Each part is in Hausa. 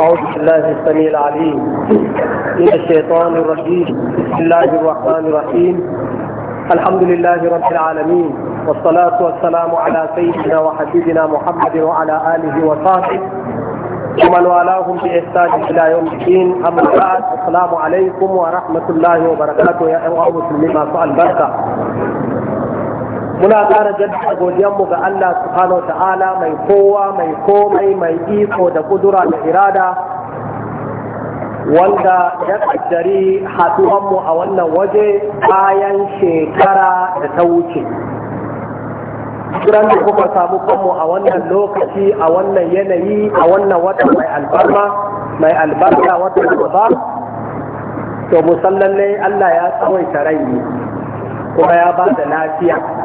أعوذ بالله السميع العليم من الشيطان الرجيم بسم الله الرحمن الرحيم الحمد لله رب العالمين والصلاة والسلام على سيدنا وحبيبنا محمد وعلى آله وصحبه ومن والاهم بإحسان إلى يوم الدين أما بعد السلام عليكم ورحمة الله وبركاته يا أيها المسلمين ما سؤال بركة muna ƙara jaddada godiyanmu ga Allah subhanahu wa ta'ala mai kowa mai komai mai iko da kudura da irada wanda ya ƙaddari haɗuwanmu a wannan waje bayan shekara da ta wuce Kiran da kuka samu kanmu a wannan lokaci a wannan yanayi a wannan wata mai albarma mai albarka wata ba to ne Allah ya tsawaita rai kuma ya ba da lafiya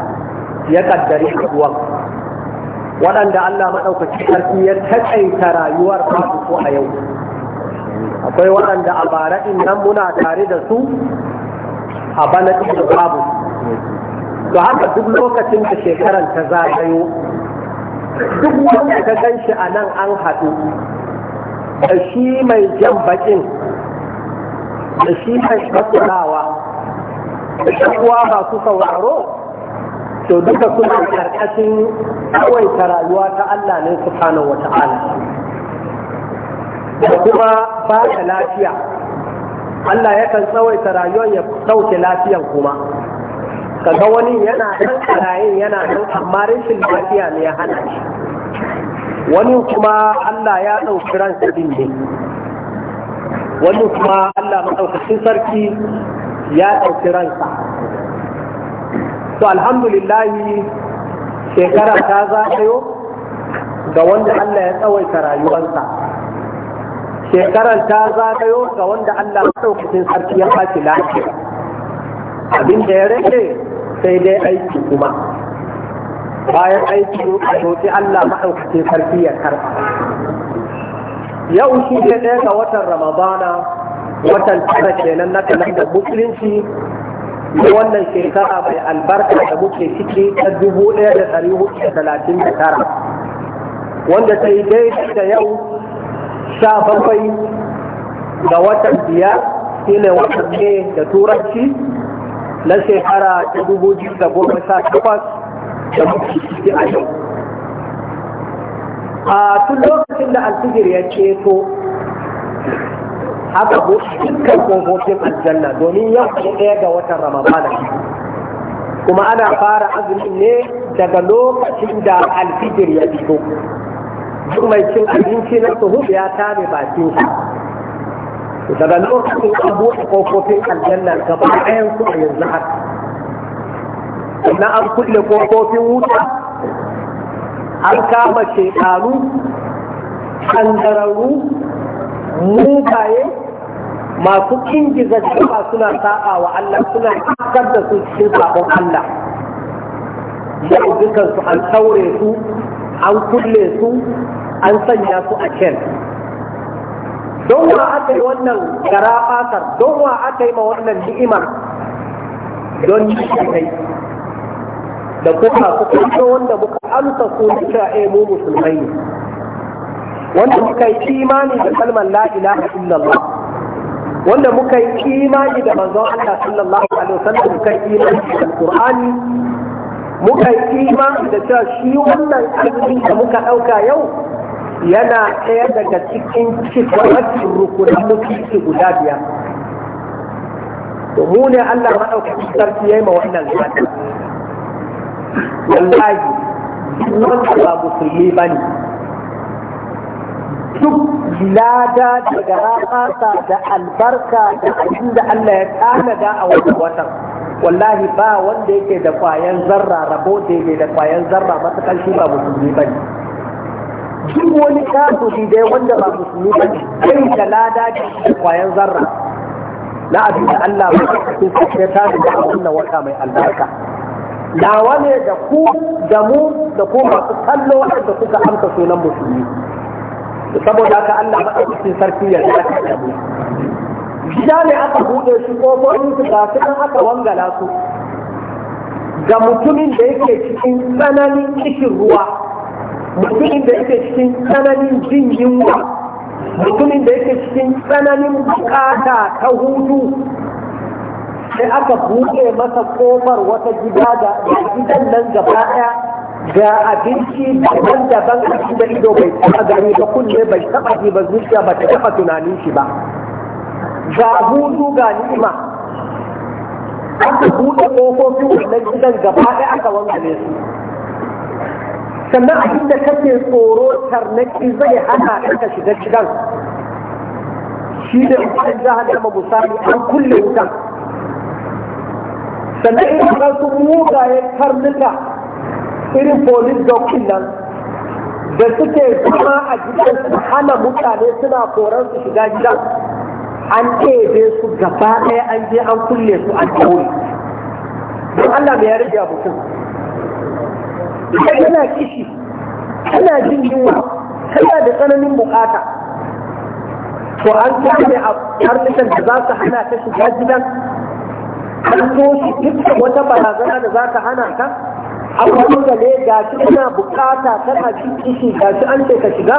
ya kaddari kuwa waɗanda Allah maɗaukaci ƙarfi ya taƙaita rayuwar babu ko a yau akwai waɗanda a bara nan muna tare da su a bana da babu to haka duk lokacin da shekaran ta zagayo duk wanda ka gan shi a nan an haɗu da shi mai jan baƙin da shi mai matsalawa da shi kuwa masu sauraro to duka suna karkashin tsawaita rayuwa ta Allah ne wata wata'ala da kuma ba ta lafiya Allah yakan tsawaita rayuwar ya ɗauke lafiyan kuma kaga wani yana nan karayin yana nan amma rashin lafiya ne ya hana shi wani kuma Allah ya ɗauki ransa din ne wani kuma Allah maɗaukacin sarki ya ɗauki ransa to alhamdulillahi shekara ta zagayo ga wanda Allah ya tsawaita rayuwarsa shekarar ta zagayo ga wanda Allah ya maɗaukacin sarki ya fashi lafiya abin da ya rage sai dai aiki kuma bayan aiki a roƙi Allah maɗaukacin sarki ya karɓa yau shi ne ɗaya ga watan ramadana watan tara kenan na kalandar musulunci da wannan shekara mai albarka da muke ciki ta dubu ɗaya da ɗari hudu da talatin da tara wanda ta yi daidai da yau sha bakwai da watan biyar shine watan ne da turanci na shekara ta dubu biyu da goma sha takwas da muke ciki a yau a tun lokacin da alfijir ya ceto haka ko dukkan kofofin aljanna domin yau ne ɗaya ga watan ramadana kuma ana fara azumi ne daga lokacin da alfijir ya fito duk mai cin abinci na suhuf ya tame bakin shi daga lokacin an buɗe kofofin aljanna gaba ɗayan su a yanzu har. na an kulle kofofin wuta an kama shekaru kandararru mugaye masu ingiza jama'a suna sa'a wa Allah suna fitar da su cikin sabon Allah yau dukansu an taure su an kulle su an sanya su a can don wa aka yi wannan gara fatar don wa aka yi ma wannan ni'imar don yi kai da kuma su kuma wanda muka amsa su da cewa eh mu musulmai ne wanda muka yi imani da kalmar la ilaha illallah wanda muka yi imani da manzon Allah sallallahu alaihi wasallam muka yi imani da Qur'ani muka yi imani da cewa shi wannan azumi da muka dauka yau yana ɗaya daga cikin cikin rukunan mutunci guda biyar mu ne Allah maɗaukacin sarki ya yi ma wannan zata wallahi wanda ba musulmi ba ne duk lada daga rakasa da albarka da abin da Allah ya tanada a wannan watan wallahi ba wanda yake da kwayan zarra rabo da yake da kwayan zarra matakan shi ba musulmi ba ne duk wani kafiri dai wanda ba musulmi ba ne kai da lada da kwayan zarra na abin da Allah ba cikin sai ta da wannan wata mai albarka dawa ne da ku da mu da ku masu kallo da suka amsa sunan musulmi saboda haka Allah cikin sarki ya zaka da ne aka buɗe su ko su ga su nan aka wangala su ga mutumin da yake cikin tsananin cikin ruwa mutumin da yake cikin tsananin jin yunwa mutumin da yake cikin tsananin bukata ta hutu sai aka buɗe masa kofar wata gida da gidan nan gaba ɗaya ga abinci daban-daban a cikin ido bai taɓa gani ba kunne bai taɓa ji ba zuciya ba ta taɓa tunanin shi ba ga hutu ga ni'ima aka buɗe ƙofofin wannan gidan gaba ɗaya aka wangale su sannan abin da kake tsoro tarnaki zai hana ka shiga gidan shi da a jahannama musali an kulle wutan sannan in ka su mugayen karnuka irin police dokin nan da suke zama a gidan su hana mutane suna koran su shiga gidan an ɗebe su gaba ɗaya an je an kulle su a ɗaure don Allah mai ya mutum yana kishi kana jin yunwa kana da tsananin bukata to an kame a karnukan da za su hana ta shiga gidan an toshe duk wata barazana da za ta hana ta an kuka ne ga shi kana bukata kana jin kishi ga shi an ce ka shiga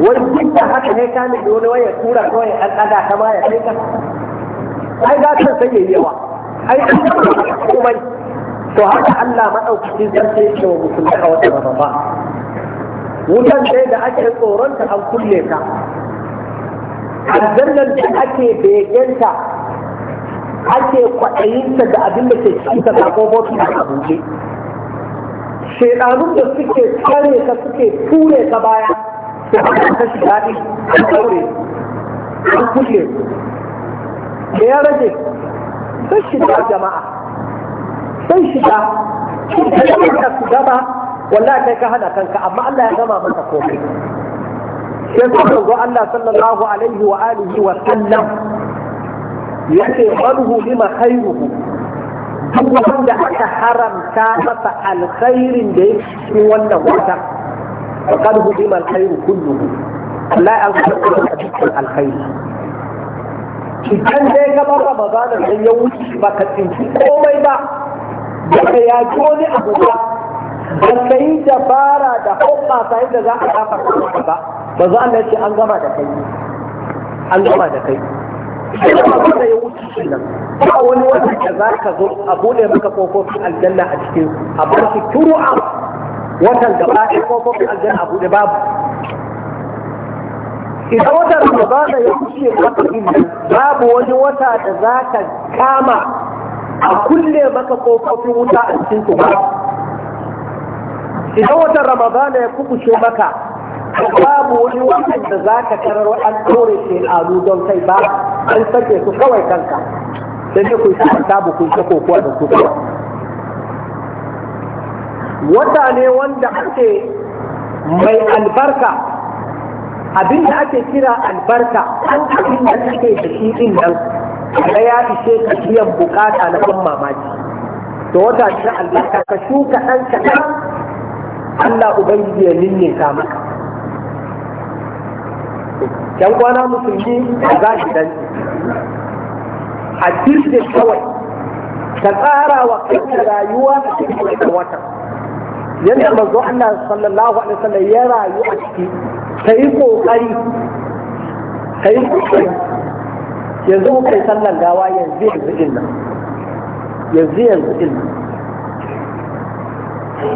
wani duk da haka ne ka da wani waya tura kawai an ɗaga ta ma ya kai ka ai ga kan sai yayi yawa ai an komai to haka Allah madaukakin sarki yake wa musulmi a wata rababa wutan sai da ake tsoronta an kulle ka aljannan da ake begenta ake kwaɗayinta da abin da ke cikin ta ko bautu da abuje shaidanun da suke kare ka suke ture ka baya to haka ta shi daɗi an daure an kulle da ya rage sai shiga jama'a sai shiga idan ka su gaba wallahi kai ka hana kanka amma Allah ya gama maka komai sai ku zo Allah sallallahu alaihi wa alihi wa sallam yace barhu lima khairuhu duk wanda aka haramta masa alkhairin da yake cikin wannan wata faqad hudima alkhairu kulluhu Allah an karɓa cikin alkhairi idan dai ka bar Ramadan dan ya wuce baka tsinci komai ba baka yaki wani abu ba ba ka yi dabara da hoɓɓasa yadda za a kafa ba ba za a ce an gama da kai an gama da kai wanda ya wuce shi nan ba wani wata da za ka zo a bude maka kofofin aljanna a cikin a bar shi turu a watan ba ɗin kofofin aljanna a bude babu idan wata ramadana ya wuce maka nan babu wani wata da za ka kama a kulle maka kofofin wuta a cikin su ba idan watan ramadana ya kubuce maka babu wani wannan da za ka tarar an ɗore shekaru don kai ba an sake su kawai kanka don ne kun sa tabu kun ta kokowa da su wata ne wanda ake mai albarka abin da ake kira albarka an abin da ake da shi din nan da ya ishe ka biyan bukata na ɗan mamaki to wata ta albarka ka shuka ɗan kaɗan Allah Ubangiji ya ninne ka maka yan kwana musulmi a zahidan a jirgin kawai ka tsara wa kanka rayuwa a cikin watan yadda manzo Allah sallallahu alaihi wasallam ya rayu a ciki ka yi kokari ka yi kokari yanzu muka sallan gawa yanzu yanzu illa yanzu yanzu illa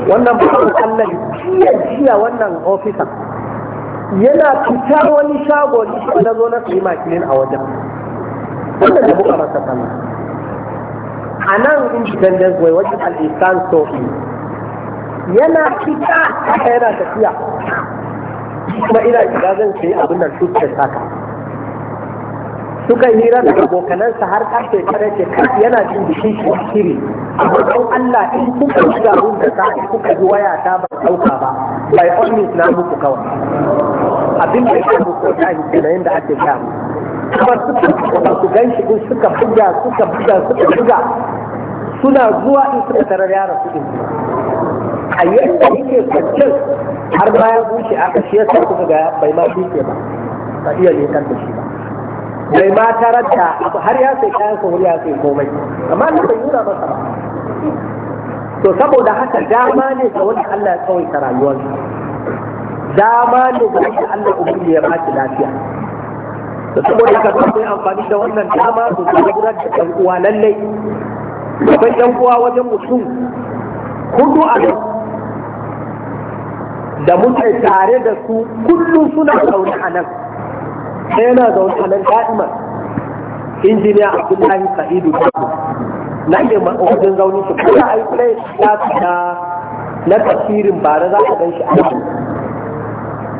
wannan ba Allah jiya jiya wannan ofisan yana fita wani shago shi na zo na sayi makilin a wajen wannan da muka masa sama a nan independence way wajen al'isan sofi yana fita haka yana tafiya kuma ina shiga zan sayi abin nan tuskar saka. suka hira da abokanansa har karfe tare ce yana jin jikin shi shiri amma don Allah in kuka shiga da ta kuka ji waya ta ba ɗauka ba by all means na muku kawai abin da ya muku da hikima yadda ake gaya kuma suka kuma su gan shi kun suka buga suka buga suka buga suna zuwa in suka tarar yara su din a yadda yake kwanciyar har ya bushe aka shi sa kuka ga bai ma bushe ba ba iya lekar da shi ba bai ma tarar da har ya sai kayan sa wuri ya sai komai amma na bai nuna masa ba to saboda haka dama ne ga wanda Allah ya rayuwar rayuwarsa dama ne ga wanda Allah ya ba shi lafiya da saboda haka sun yi amfani da wannan dama su gudanar da ɗan uwa lallai akwai ɗan uwa wajen mutum hudu a nan da muke tare da su kullum suna zaune a nan sai yana zaune a nan da'imar injiniya abdullahi sa'idu babu na ne wajen zaune su kuma a yi kula ya na na tafsirin ba na za ka gan shi a yi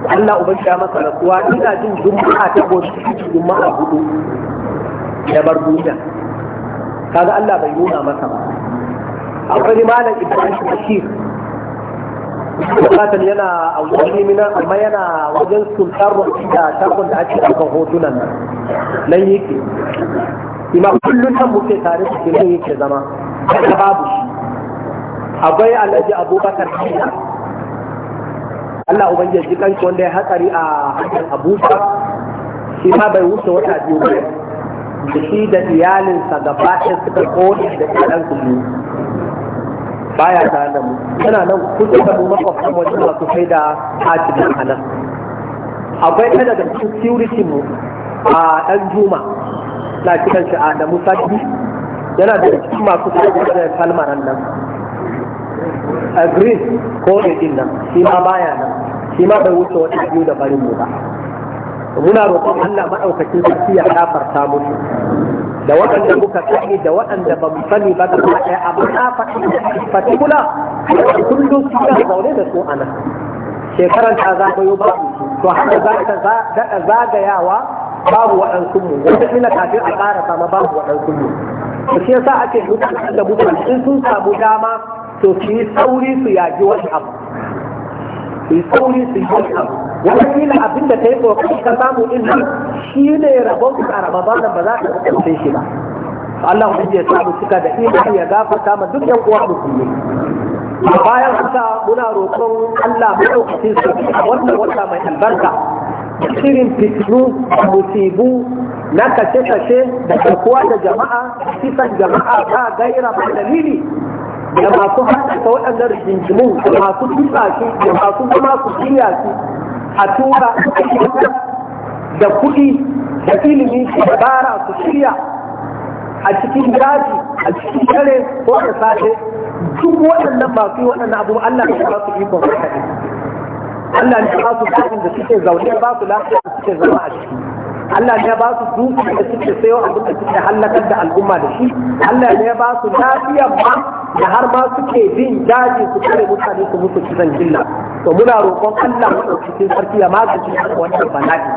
Allah uban ya masa rasuwa ina jin juma'a ta gobe juma'a hudu ya bar duniya kaga Allah bai nuna masa ba akwai malam Ibrahim Bashir Bukatan yana a wani minan amma yana wajen sultar da shagon da ake ɗaukar hotunan nan nan yake Ima kullum nan muke tare da kirkin yake zama kada babu shi akwai alhaji abubakar kina Allah ubangiji ji kanki wanda ya hatsari a hanyar abuja shi ma bai wuce wata biyu ba da shi da iyalinsa gaba ɗaya suka kone da ɗan su biyu baya tare da mu tana nan kusa da mu makwabtan wajen masu kai da hajjibin a nan akwai ɗaya daga cikin security mu a ɗan juma Ana kiran shi Adamu Sadi yana da cikin masu da kalmar nan a green ko da din nan shi ma baya nan shi ma bai wuce wata biyu da barin mu ba muna roƙon Allah maɗaukacin sarki ya gafarta musu da waɗanda muka sani da waɗanda ba mu sani ba da kuma ɗaya amma na faɗi fatikula kullum su ga zaune da su a nan shekaran ta zagayo ba to haka za ta zagayawa babu waɗansu mu wata ina kafin a ƙara sama babu waɗansu mu to shi yasa ake dukkan da buɗe in sun samu dama to su yi sauri su yaji wani abu su yi sauri su yi wani abu wata ina abin da ta yi ƙoƙari ka samu din shi ne rabon ka rababa nan ba za ka ƙarfe shi ba Allah ku ya samu cika da imani ya gafarta ma duk yan uwa musulmi a bayan haka muna roƙon Allah mai ɗaukacin su wannan wata mai albarka Kirin fitinu musibu na kace-kace, da karkuwa da jama'a kisan jama'a ba gaira ba dalili da masu haɗa waɗannan rigingimu da masu tuka shi da masu kuma su shirya shi a tura da kuɗi da ilimi da bara su shirya a cikin daji a cikin dare ko da safe duk waɗannan masu waɗannan abubuwa Allah ya ba su ikon kaɗai Allah ne ba su kafin da suke zaune ba su lafiya da suke zama a ciki Allah ne ba su dukkan da suke sayo abin da suke hallakar da al'umma da shi Allah ne ba su lafiya ba da har ma suke bin daji su kare mutane su musu kisan gilla to muna roƙon Allah cikin sarki ya magance shi wannan bala'i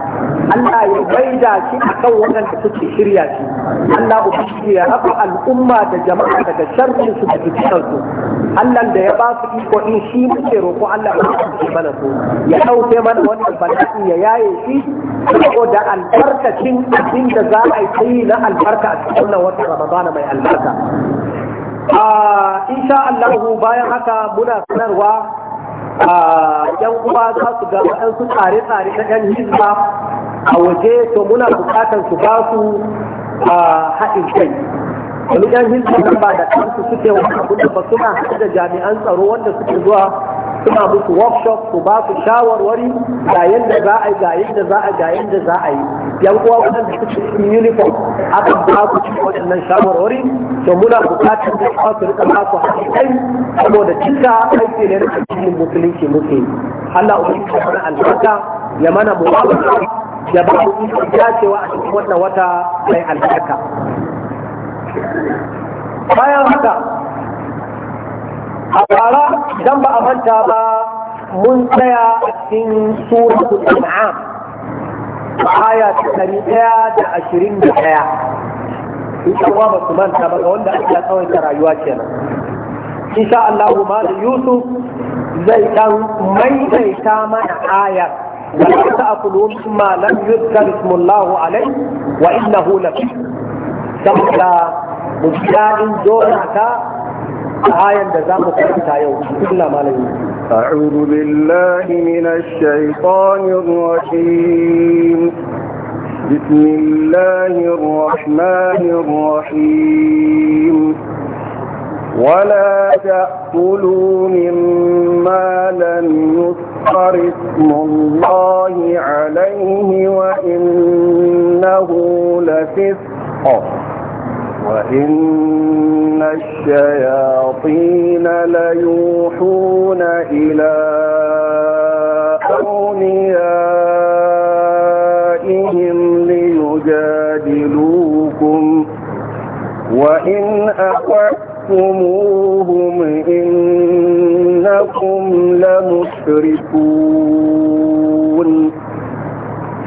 Allah ya maida shi akan waɗanda suke shirya shi Allah ya raba al'umma da jama'a daga sharrin su da fitinar su Allah da ya ba su iko in shi muke roƙo Allah ya kasance mana so ya ɗauke mana wannan bala'i ya yaye shi saboda albarkacin abinda da za a yi na albarka a cikin wannan watan Ramadana mai albarka a insha Allah bayan haka muna sanarwa a yan uwa za su ga waɗansu tsare-tsare na yan hizba a waje to muna buƙatar su ba su haɗin kai wajen hindu ba da kansu suke wani da ba suna da jami'an tsaro wanda suke zuwa suna musu workshop su ba su shawarwari ga yadda za a yi ga yadda za a ga yadda za a yi yan uwa da suke cikin uniform aka ba su cikin waɗannan shawarwari to muna buƙatar da su su rika ba su kai saboda cika aiki ne da cikin musulunci muke Allah ubangi ya wani albarka ya mana mu ya ba mu dacewa a cikin wannan wata mai albarka bayan haka a bara idan ba a manta ba mun tsaya a cikin suratul a aya ta ɗari ɗaya da ashirin da ɗaya insha Allah ba su manta ba ga wanda ake ta rayuwa kenan insha Allah ma da Yusuf zai dan maimaita mana ayar ولا تأكلوا مما لم يذكر اسم الله wa innahu ما أعوذ بالله من الشيطان الرجيم بسم الله الرحمن الرحيم ولا تأكلوا مما لم يذكر اسم الله عليه وإنه لفسق وإن الشياطين ليوحون إلى أوليائهم ليجادلوكم وإن أخذتموهم إنكم لمشركون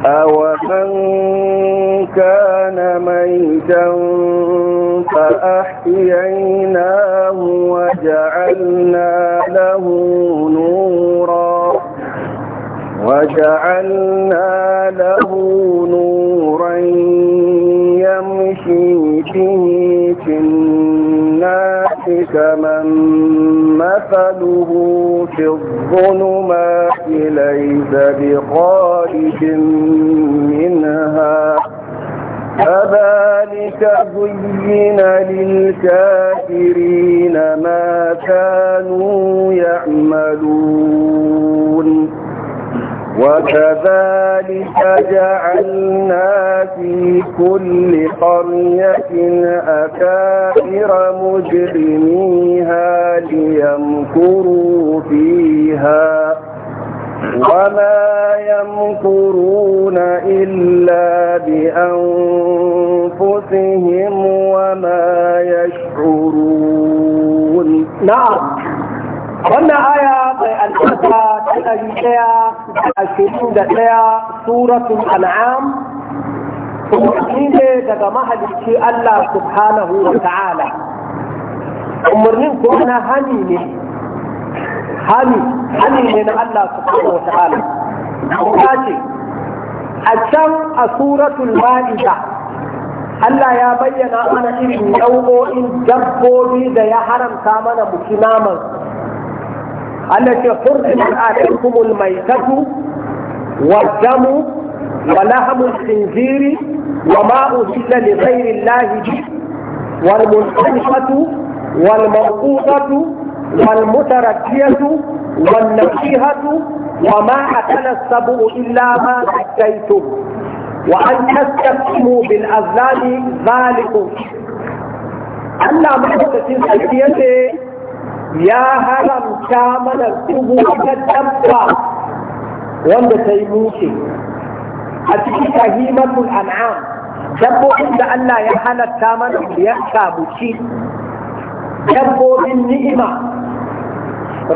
أومن كان ميتا فأحييناه وجعلنا له نورا وجعلنا له نورا يمشي به في الناس كمن مثله في الظلمات ليس بخارج منها فذلك زين للكافرين ما كانوا يعملون وكذلك جعلنا في كل قرية أكافر مجرميها ليمكروا فيها وما يمكرون إلا بأنفسهم وما يشعرون نعم wannan aya mai albarka ta ɗari ɗaya da ashirin da ɗaya suratul an'am umarni ne daga mahalicci Allah subhanahu wa ta'ala umarnin ko na hani ne Hali ne na Allah subhanahu wa ta ce a can a suratul ma'ida Allah ya bayyana mana irin nau'o'in dabbobi da ya haramta mana buki naman Allah ce hurrimat alaikumul maitatu wa damu wa lahamul khinziri wa ma usila li ghairi Allah wal munqadhatu wal mawqudatu و ا وما اكل السبع إلا ما حكيتم وأن أ ن تستقيموا ب ا ل ذلكم الا ما تسير حكيتي يا هرم كامل السبوع تتبقى وانت تيموتي هذه ت الأنعام ي تبقى عند أن يا هرم كامل يحكى بشيء dabbobin ni'ima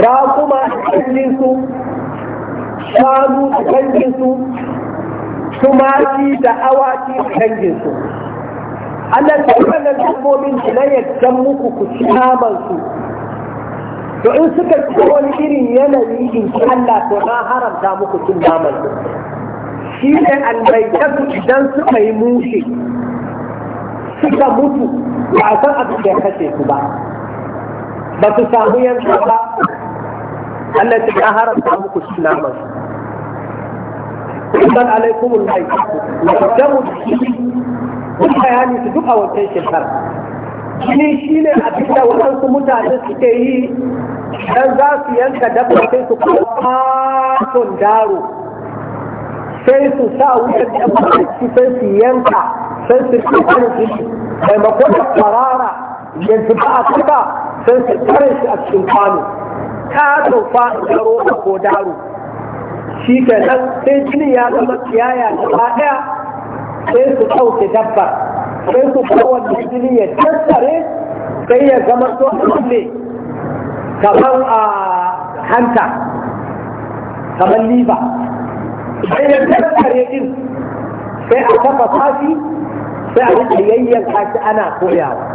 raƙuma da su shanu da danginsu tumaki da awaki da danginsu Allah ta wannan dabbobin na yadda muku ku ci su to in suka ci wani irin yanayi in ci Allah to na haramta muku cin namansu shi ne albaitatu idan suka yi mushe suka mutu ba a san abin da ya kashe su ba ba su samu yanzu ba Allah ta ya haramta muku shi naman Ibn alaikumul maikatu da mu mun bayani su duk a wancan shekara shi shi ne abin da waɗansu mutane suke yi dan za su yanka dabba sai su kawo daro sai su sa wutar da su sai su yanka sai su ci kan shi maimakon da farara yanzu ba a kuka sai su tare shi a cikin kwano ta tofa da roba ko daro shi ke nan sai jini ya zama kiyaya gaba ɗaya sai su ɗauke dabba sai su kawar jini ya tattare sai ya zama so a kamar a hanta kamar liba sai ya tattare din sai a kafa fashi sai a yi yayyanka shi ana koyawa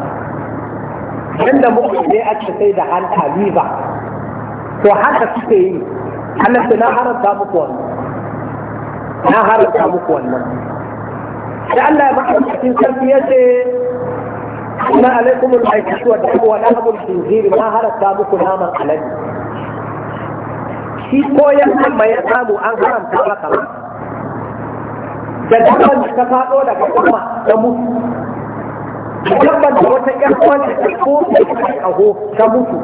yadda muka ne ake sai da hanta riba to haka suke yi halatta na haramta muku wannan na haramta muku wannan Sai Allah ya maka cikin sarki ya ce ma alaikum al-aikatu wa dabu wa lahab al-khinzir ma haramta muku naman alaji shi ko koyan amma ya samu an haramta maka da dukkan ka fado daga kuma da mutu dabbar da wata ƴan wata ta ko aho ta mutu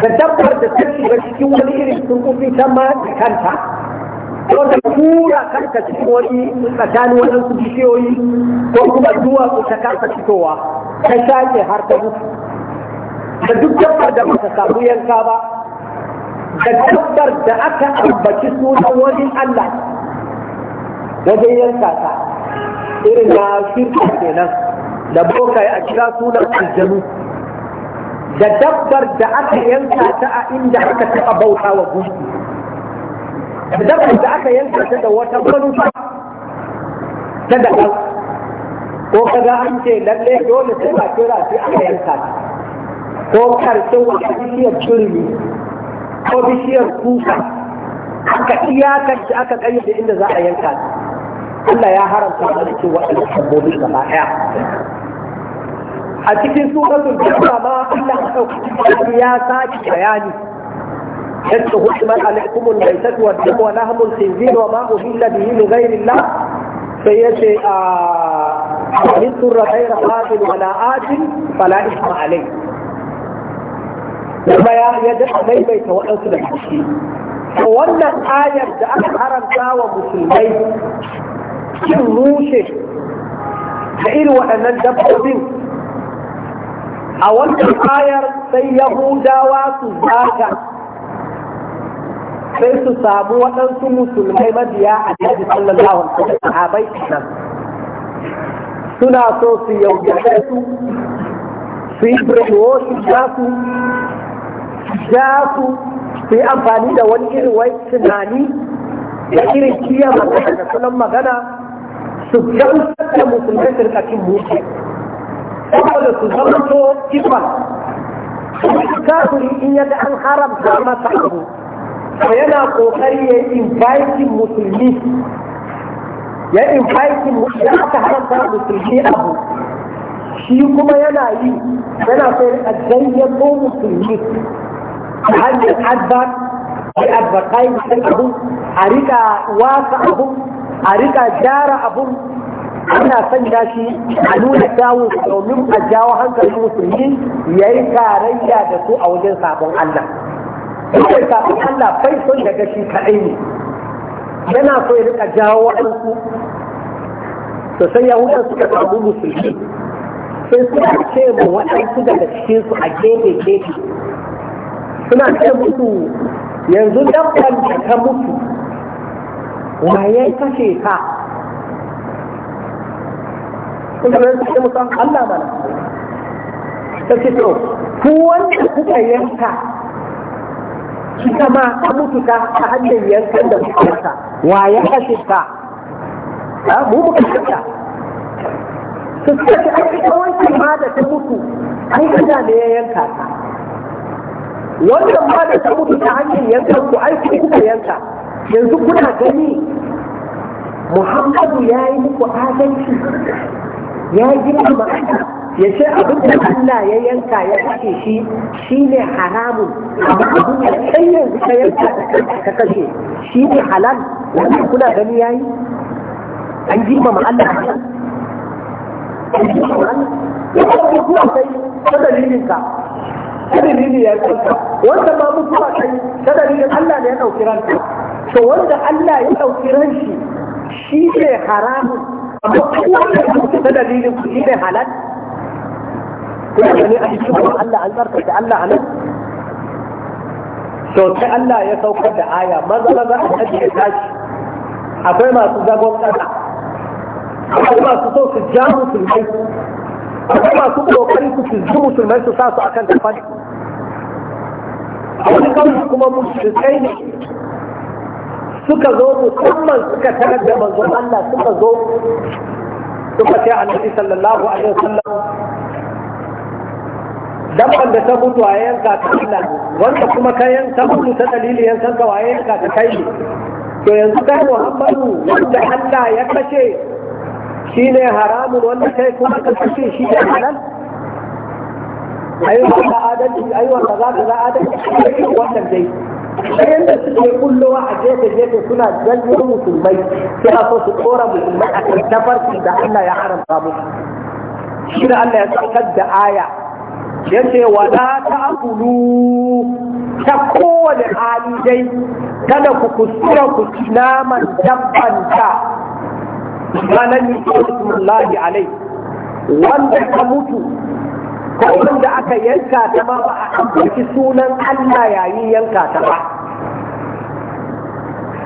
da dabbar da ta shiga cikin wani irin turkufi ta ma kanta ko ta kura kanta cikin wani tsakanin waɗansu bishiyoyi ko kuma duwatsu ta kasa fitowa ta shaƙe har ta mutu da duk dabbar da bata samu yanka ba da dabbar da aka ambaci sunan wani Allah wajen yanka ta irin na shirka kenan da ya a kira sunan aljanu da dabbar da aka yanka ta a inda aka taɓa bauta wa gudu da dabbar da aka yanka ta da wata manufa ta da ko kaga an ce lalle dole sai ba kira sai aka yanka ta ko karshen wata bishiyar turmi ko bishiyar kusa, aka iyakar da aka kayyade inda za a yanka ta الا يا هرم كمان شو وقت الحبوب الصبائح أتيكي سورة الكفر ما أقول لك يا ساكي بياني حتى هتمت عليكم الميتة والدم ولهم الخنزير وما أهل به من غير الله فيشيء من سر غير قاتل ولا آجل فلا إثم عليك لما يدعى لي بيت وأنصر المسلمين وأن الآية تأخرت ومسلمين cin rushe da irin waɗannan dabbobin a wannan ayar sai yahudawa su zaga sai su samu waɗansu musulmai mabiya a jirgin sallallahu alaihi wasallam sahabai nan suna so su yaudare su su yi brainwashing nasu ja su su yi amfani da wani irin wai tunani da irin kiyar magana da sunan magana su gamsar da musulmai su rika cin mutu saboda su zama to kifan kafiri in yadda an haramta masa abu to yana kokari ya yi inviting musulmi ya inviting musulmi ya aka haramta musulmi abu shi kuma yana yi yana so ya ko musulmi ta hanyar advert a advertising abu a rika wasa abu a riƙa gyara abun ana sanya shi a nuna kyawun domin a jawo hankali musulmi ya yi tarayya da su a wajen sabon Allah. Ikai sabon Allah bai son daga shi kaɗai ne. Yana so ya rika jawo waɗansu. To sai Yahudan suka samu musulmi. Sai suka ce ma waɗansu daga cikinsu a gefe gefe. Suna ce musu yanzu dabban da ka mutu Wa ya yi kashe ka kuma yanzu sai mu san Allah mana ta ce to ku wanda kuka yanka kika ma ka mutu ka ta hanyar yankan da kuka yanka Wa ya kashe ka mu muka yanka su suka ce ake kawai ma da ta mutu ai kada ne ya yanka ka. wannan ma da ta mutu ta hanyar yankan ku ai kuka yanka yanzu kuna gani muhammadu ya yi muku adalci ya yi girma ya ce abin da Allah ya yanka ya kashe shi shi ne haramun abin da kai yanzu ka yanka ka kashe shi ne halal wannan kuna gani ya yi an girma ma Allah ya kuma kuma sai ta dalilin ka ta dalilin ya kanka wanda ma mutuwa kai ta dalilin Allah ne ya ɗauki ranka to wanda Allah ya ɗauki ran shi shi ne haramun amma kowanne ya ɗauki ta dalilin ku shi ne halal kuna gani a cikin Allah an da Allah a nan to sai Allah ya saukar da aya maza maza a kaji tashi akwai masu zagon ƙasa akwai masu so su ja musulmai akwai masu kokari su ji musulmai su sa su akan tafari a wani kawai kuma musulmai ne suka zo musamman suka tarar da manzon Allah suka zo suka ce annabi sallallahu alaihi wasallam dabban da ta mutu a yanka ta Allah wanda kuma ka yanka mutu ta dalili yankan ka waye yanka ta kai to yanzu kai Muhammadu wanda Allah ya kashe shine haramun wanda kai kuma ka kashe shi da halal ayyuka adalci ayyuka za ka za adalci wannan dai ɗayan da suke kullowa a gefe-gefe suna janyo musulmai suna so su tsora musulmai a kan tafarki da Allah ya haramta musu shi da Allah ya tsakar da aya ya ce wa la ta'kulu ta kowane hali dai kada ku kuskura ku ci naman dabban ta nan yi alai wanda ta mutu ko da aka yanka ta ma ba a ambaci sunan Allah yayin yanka ta ba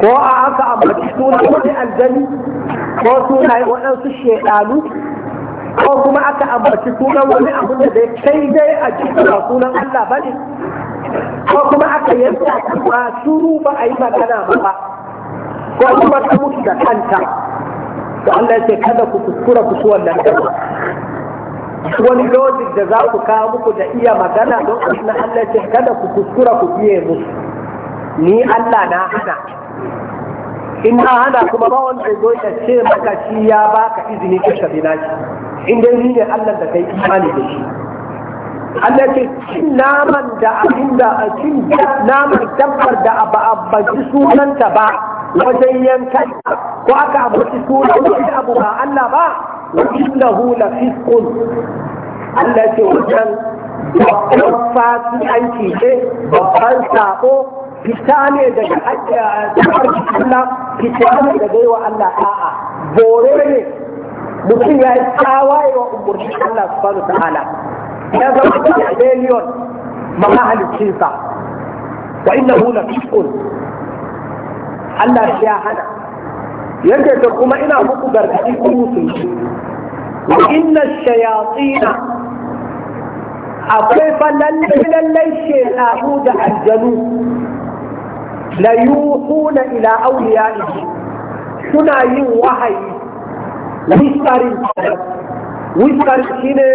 ko a aka ambaci sunan wani aljani ko sunaye waɗansu shekaru ko kuma aka ambaci sunan wani abin da zai kai dai a cikin sunan Allah ba ne ko kuma aka yanka ta ba shuru ba a yi magana ba ko kuma ta mutu da kanta da Allah ya ce kada ku kuskura ku ci wannan wani lodin da za ku kawo muku da iya magana don na Allah ce kada ku kuskura ku biye musu ni Allah na hana in na hana kuma ba wanda zo ya ce maka shi ya baka izini ka shafi na shi in dai ni ne Allah da kai imani da shi Allah ce cin naman da abinda a cin naman dabbar da a baji sunanta ba wajen yankan ko aka abuci sunan wani abu ba Allah ba وإنه لفسق التي وجن وفات أي شيء وفال ساقو بثاني دجا حتى تحر جسنا بثاني دجا وأن ساقا بوريني مكين يا إتاواي وأمور جسنا سبحانه وتعالى هذا مكين عليليون مع أهل الشيطة وإنه لفسق الله شاهدنا yadda ta kuma ina muku gargaɗi ku musulmi wa inna shayatina akwai fa lallai lallai shekaru da aljanu la yuhuna ila awliyaihi suna yin wahayi wistarin wistarin shine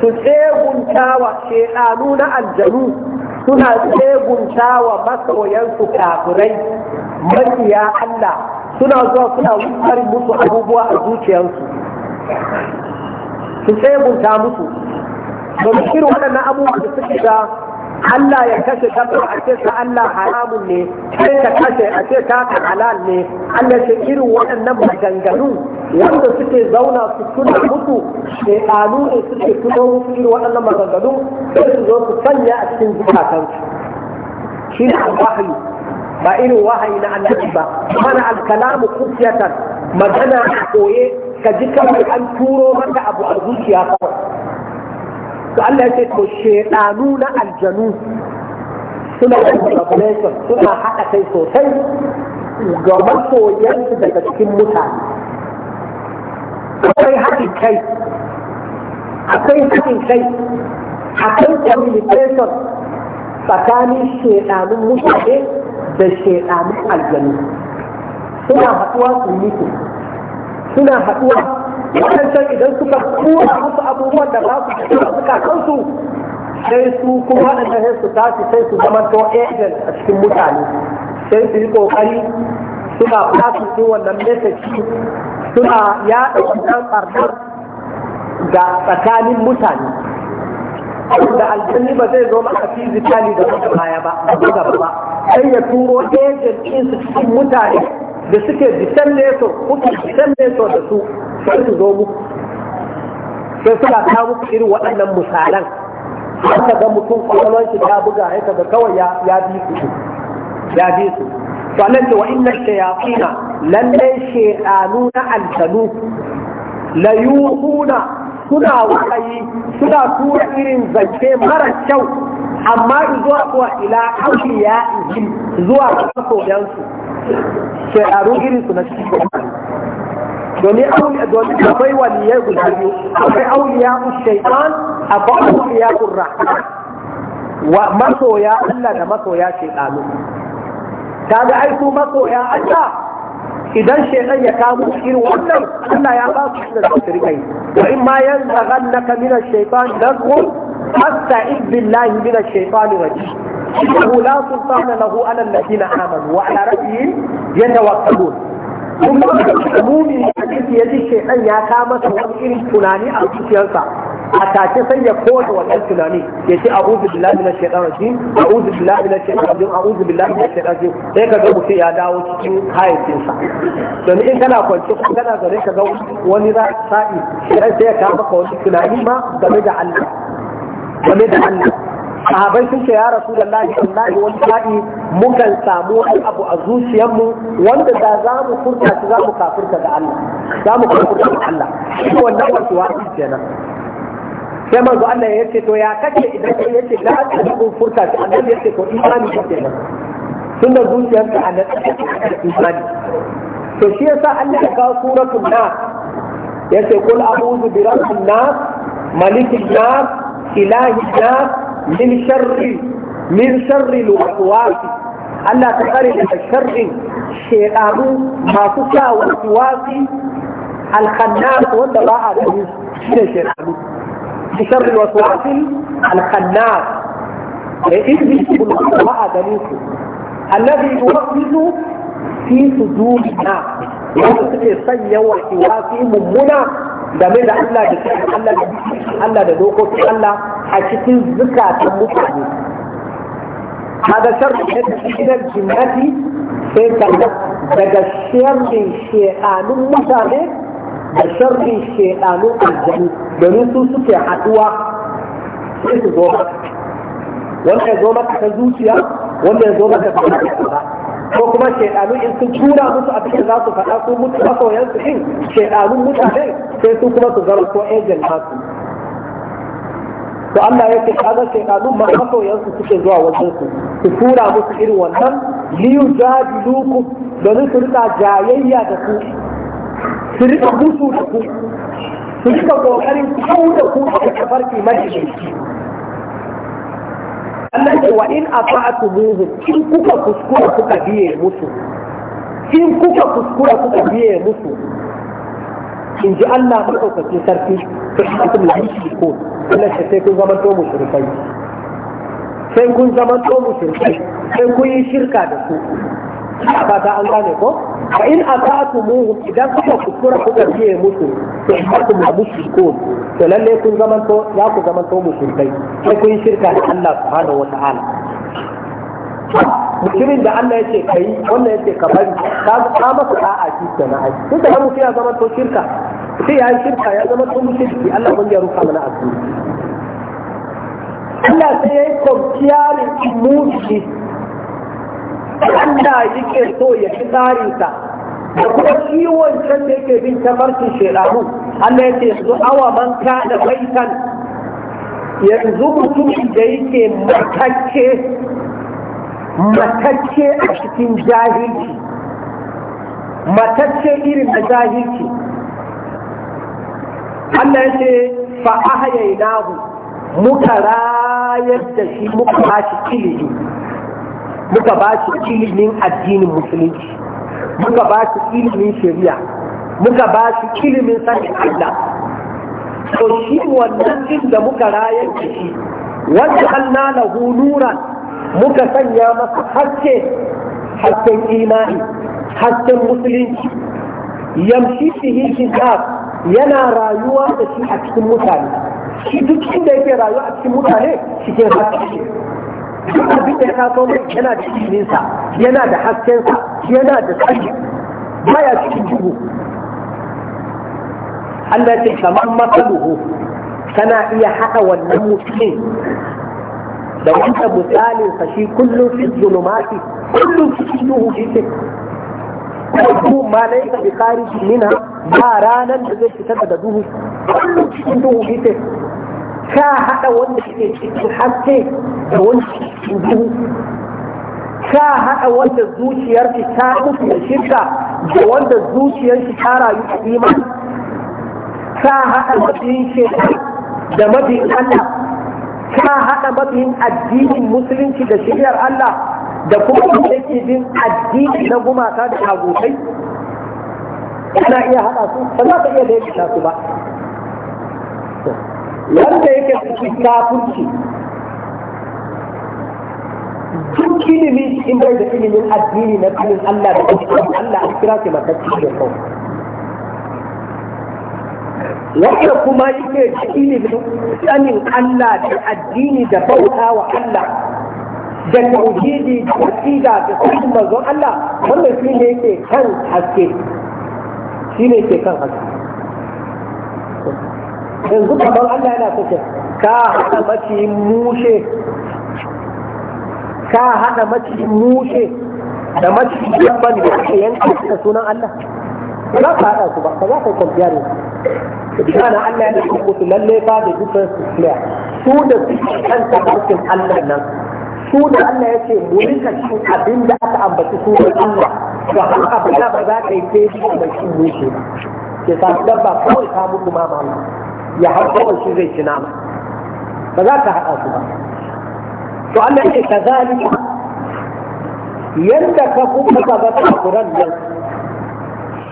su tsegunta wa shekaru na aljanu suna tsegunta wa masoyansu kafirai ya Allah suna zuwa suna wutar musu abubuwa a zuciyarsu su tsegunta musu domin irin waɗannan abubuwa da suke da Allah ya kashe dabbar a ce ka Allah haramun ne sai ka kashe a ce ka ka halal ne Allah ce irin waɗannan maganganu wanda suke zauna su tuna mutu ɗanu ne suke tuna mutu irin waɗannan maganganu sai su zo su sanya a cikin zukatansu shi ne wahayi, ba irin wahayi na annabi ba mana alkalamu kufiyatan magana a koye ka ji kawai an turo maka abu a zuciya kawai to Allah ya ce to shedanu na aljanu suna manipulation suna haɗa kai sosai ga masoyansu daga cikin mutane akwai haɗin kai akwai haɗin kai akwai communication tsakanin shedanun mutane da shedanun aljanu suna haɗuwa su mutu suna haɗuwa waɗancan idan suka tura wasu abubuwan da ba su suka kansu sai su kuma da sai su tashi sai su zama to agent a cikin mutane sai su yi kokari suna fasu su wannan message suna yaɗa wannan ɓarnar ga tsakanin mutane da aljanni ba zai zo maka fizikali da wata baya ba a ba sai ya turo agent cikin mutane da suke jisan leso kuka jisan leso da su sai su zo muku sai suna kawo muku irin waɗannan misalan Haka ga mutum kwakwalwar shi ta buga ya ga kawai ya bi su ya bi su to Allah ce wa inna shayatina lalle shaytanu na alkanu la yuhuna suna wa'ayi suna tura irin zance mara kyau amma zuwa kuwa ila auliya zuwa ga a irin su na cikin kuma domin auliya domin akwai waliyai guda biyu akwai auliya shaitan akwai auliya rahman wa masoya Allah da masoya shaitanu ta ga su masoya Allah idan shaitan ya kamo irin wannan Allah ya ba su da su rika yi wa in ma yanzaghannaka min ash ku? nazghun fasta'id billahi min ash-shaytani rajim innahu la sultana lahu ala alladhina amanu wa ala rabbihim yatawakkalun kuma mumin a cikin yaji shaitan ya kama sa wani irin tunani a zuciyarsa a tace sai ya koda wannan tunani ya ce a'udhu billahi minash shaitanir rajim a'udhu billahi minash shaitanir rajim a'udhu billahi minash shaitanir rajim sai ka ga mutum ya dawo cikin hayyacin sa don in kana kwance ko kana zare ka ga wani za sa'i sai ya kawo maka wani tunani ma game da Allah game da Allah sahabai sun ce ya rasu da lahi wallahi wani sa'i mukan samu wani abu a zuciyarmu wanda da za mu furta shi za mu kafurta da Allah za mu kafurta da Allah shi wannan wasu wa'azi kenan sai manzo Allah ya ce to ya kace idan kai yace la asbu furta shi annabi ya ce to imani kake nan tun da zuciyarka a nan imani to shi yasa Allah ya kawo suratul nas yace kul a'udhu bi rabbin nas malikin nas ilahin nas min sharri min sharri al Allah ta kare daga sharrin shedanu masu sa waswasi al-khannas wanda ba a gani shi ne shedanu بشر الوسواس الخناس ابليس بن إيه الله دليل الذي يركز في صدور الناس يوم سكر سيا وحواسي ممنا دمين لألا دكي ألا دكي ألا دكي ألا حشتي الزكاة المتعني هذا شر من الجنة سيكتب دقى الشر من شيخان آه، المتعني da sharrin shaidanun aljanu domin su suke haɗuwa sai su zo ba wanda ya zo maka ta zuciya wanda ya zo maka ta zuciya ko kuma shaidanu in sun tura musu a cikin zasu su faɗa su mutu masoyan su din shaidanun mutane sai su kuma su zama ko agent masu. to Allah ya ce kaga shaidanun ma masoyan su suke zuwa wajen su su tura musu irin wannan liyu jadiluku domin su rika jayayya da su su rika musu da ku su rika kokarin kawo da ku da tafarki majalici Allah ce wa in ata'tumuhu in kuka kuskura kuka biye musu in kuka kuskura kuka biye musu in ji Allah madaukakin sarki ta shi kuma lafi ko Allah ce sai kun zama to mushrikai sai kun zama to mushrikai sai kun yi shirka da su ina fata an gane ko fa in asatumu idan kuka kuskura kuka biye musu to asatum mushrikun to lalle kun zaman to ya ku zaman to kai sai kun shirka da Allah subhanahu wataala mutumin da Allah yake kai wannan yake ka bari ka ka masa da'a shi kenan ai duk da mutum ya zama to shirka sai ya shirka ya zama to mushriki Allah ban ya rufa mana asiri Allah sai ya yi kwanciya ne mushi Allah yake so ya ci tsarinsa da kuma ciwon can da yake bin tafarkin shekaru Allah ya ce yanzu awa man ka da baitan yanzu mutumin da yake matacce matacce a cikin jahilci matacce irin na jahilci Allah ya ce fa ahyainahu muka rayar da shi muka ba shi muka ba shi ilimin addinin musulunci muka ba shi ilimin shari'a muka ba shi ilimin sanin Allah to shi wannan din da muka rayar da shi wanda Allah lahu nuran muka sanya masa haske hasken imani hasken musulunci yamshi shi kitab yana rayuwa da shi a cikin mutane shi duk inda yake rayuwa a cikin mutane shi ke haske duk abin da ya taso mai yana da iliminsa yana da haskensa yana da tsari baya cikin duhu Allah ya ce kamar masaluhu kana iya haɗa wannan mutumin da wanda misalin sa shi kullum fi zulumati kullum cikin duhu shi ce kuma ma laisa bi kharij minha ba ranan da zai fita daga duhu kullum cikin duhu shi ce ka haɗa wanda ke cikin haske da wanda ke cikin duhu ka haɗa wanda zuciyar ta mutu da shirka da wanda zuciyar ta rayu da imani ka haɗa mabiyin shekar da mabiyin Allah ka haɗa mabiyin addinin musulunci da shiriyar Allah da kuma wanda yake bin addini na gumaka da abokai kana iya haɗa su ba za ka iya daidaita su ba wanda yake cikin kafirci duk ilimi in bai da ilimin addini na kanin Allah da ilimin Allah a kira shi matacci da kau wanda kuma yake da ilimin sanin Allah da addini da bauta wa Allah da tauhidi da aqida da sunan manzon Allah wannan shi ne yake kan haske shi ne yake kan haske yanzu kamar Allah yana sake ka haɗa maciyin mushe ka haɗa maciyin mushe da maciyin yabban da kake yanka da sunan Allah ba ka haɗa su ba ba za ka kwamfiya ne Kana Allah ya da mutu lalle ba da difference clear su da suke kan tabbacin Allah nan su da Allah ya ce mu ka ci abin da aka ambaci sunan Allah to har abada ba za ka yi sai da mai cin mushe ke sa dabba kawai ta mutu ma mamaki ya haƙo shi zai ci nama ba za ka haɗa su ba to Allah ya ce kazalika yadda ka kuka ga kafuran nan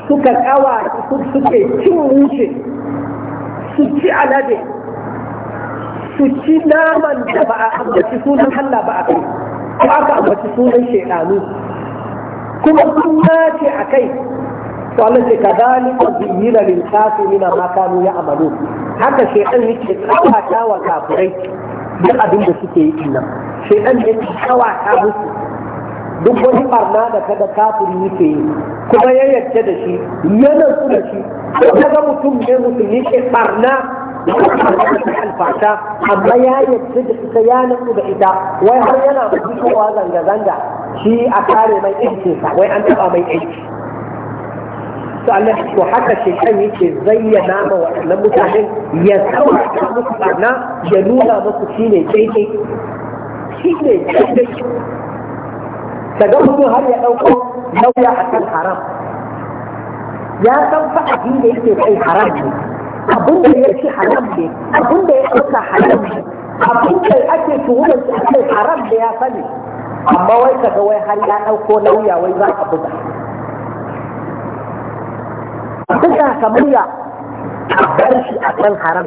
suka kawa suke cin wuce su ci alade su ci naman da ba a ambaci sunan Allah ba a kai ko aka ambaci sunan shaidanu kuma sun nace a kai to Allah ce ka dalika zuyina lil kafirina ma kanu ya'malu haka shaytan yake tsawata wa kafirai duk abin da suke yi din nan shaytan yake tsawata musu duk wani barna da kada kafiri yake yi kuma ya yarda da shi yana su da shi kaga mutum ne musulmi ke barna alfasha amma ya yadda da ita ya nutsu da ita wai har yana fitowa zanga-zanga shi a kare mai ɗinkinsa wai an taɓa mai aiki to Allah to haka shaitan ke zayyana ma waɗannan mutane, ya sama musu barna ya nuna musu shine daidai shine daidai daga mutum har ya ɗauko lauya a kan haram ya san fa ne da yake kai haram ne abin da ya ci haram ne abin da ya ɗauka haram ne abin da ake tuhumar shi a kai haram da ya sani amma wai kaga wai har ya ɗauko lauya wai za a buga duka ka murya bar a kan haram